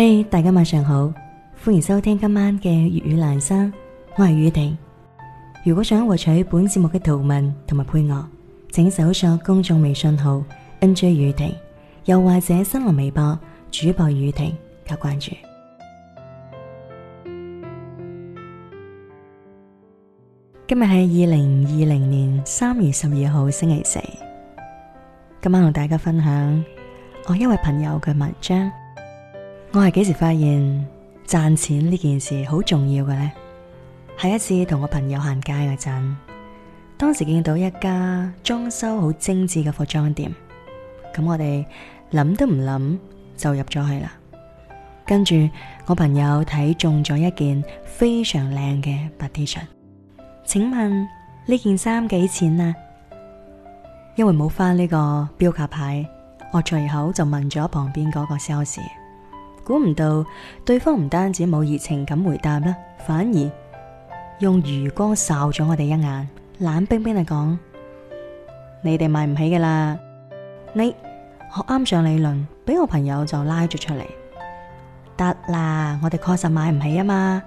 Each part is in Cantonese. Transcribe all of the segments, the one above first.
嘿，hey, 大家晚上好，歡迎收聽今晚嘅粵語蘭生，我係宇婷。如果想獲取本節目嘅圖文同埋配樂，請搜索公眾微信號 NJ 宇婷，又或者新浪微博主播宇婷加關注。今日係二零二零年三月十二號星期四，今晚同大家分享我一位朋友嘅文章。我係幾時發現賺錢呢件事好重要嘅呢？喺一次同我朋友行街嗰陣，當時見到一家裝修好精致嘅服裝店，咁我哋諗都唔諗就入咗去啦。跟住我朋友睇中咗一件非常靚嘅白 T 恤。請問呢件衫幾錢啊？因為冇翻呢個標價牌，我隨口就問咗旁邊嗰個 sales。估唔到，對方唔單止冇熱情咁回答啦，反而用餘光掃咗我哋一眼，冷冰冰地講：你哋買唔起噶啦！你我啱上理論，俾我朋友就拉咗出嚟。得啦，我哋確實買唔起啊嘛！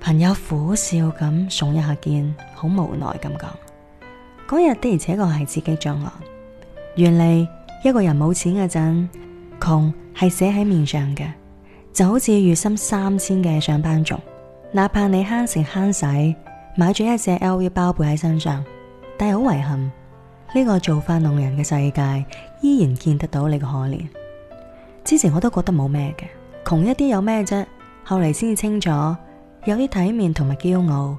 朋友苦笑咁聳一下肩，好無奈咁講：嗰日的而且確係刺激到我。原嚟一個人冇錢嗰陣，窮，係寫喺面上嘅，就好似月薪三千嘅上班族，哪怕你慳食慳使，買咗一隻 LV 包背喺身上，但係好遺憾，呢個造化弄人嘅世界，依然見得到你嘅可憐。之前我都覺得冇咩嘅，窮一啲有咩啫，後嚟先至清楚，有啲體面同埋驕傲，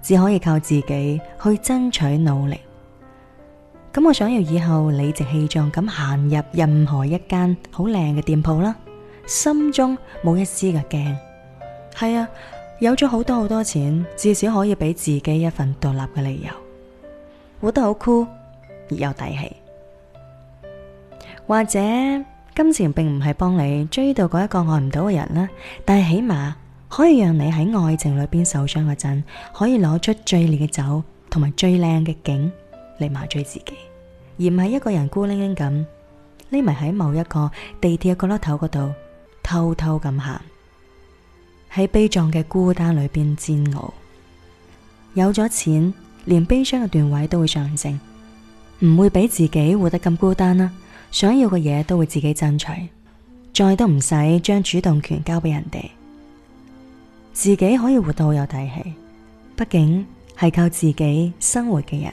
只可以靠自己去爭取努力。咁我想要以後理直氣壯咁行入任何一間好靚嘅店鋪啦，心中冇一絲嘅驚。係啊，有咗好多好多錢，至少可以俾自己一份獨立嘅理由，活得好酷，而有底氣。或者金錢並唔係幫你追到嗰一個愛唔到嘅人啦，但係起碼可以讓你喺愛情裏邊受傷嗰陣，可以攞出最烈嘅酒同埋最靚嘅景。嚟麻醉自己，而唔係一個人孤零零咁匿埋喺某一個地鐵嘅角落頭嗰度偷偷咁喊，喺悲壯嘅孤單裏邊煎熬。有咗錢，連悲傷嘅段位都會上升，唔會俾自己活得咁孤單啦。想要嘅嘢都會自己爭取，再都唔使將主動權交俾人哋，自己可以活到有底氣。畢竟係靠自己生活嘅人。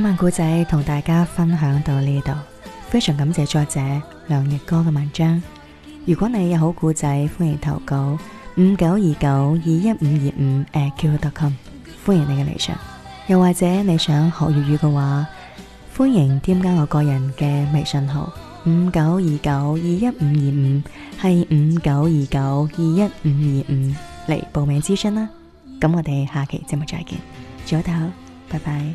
今晚故仔同大家分享到呢度，非常感謝作者梁日哥嘅文章。如果你有好故仔，歡迎投稿五九二九二一五二五 @QQ.com 歡迎你嘅嚟上。又或者你想學粵語嘅話，歡迎添加我個人嘅微信號五九二九二一五二五，係五九二九二一五二五嚟報名諮詢啦。咁我哋下期節目再見，早唞，拜拜。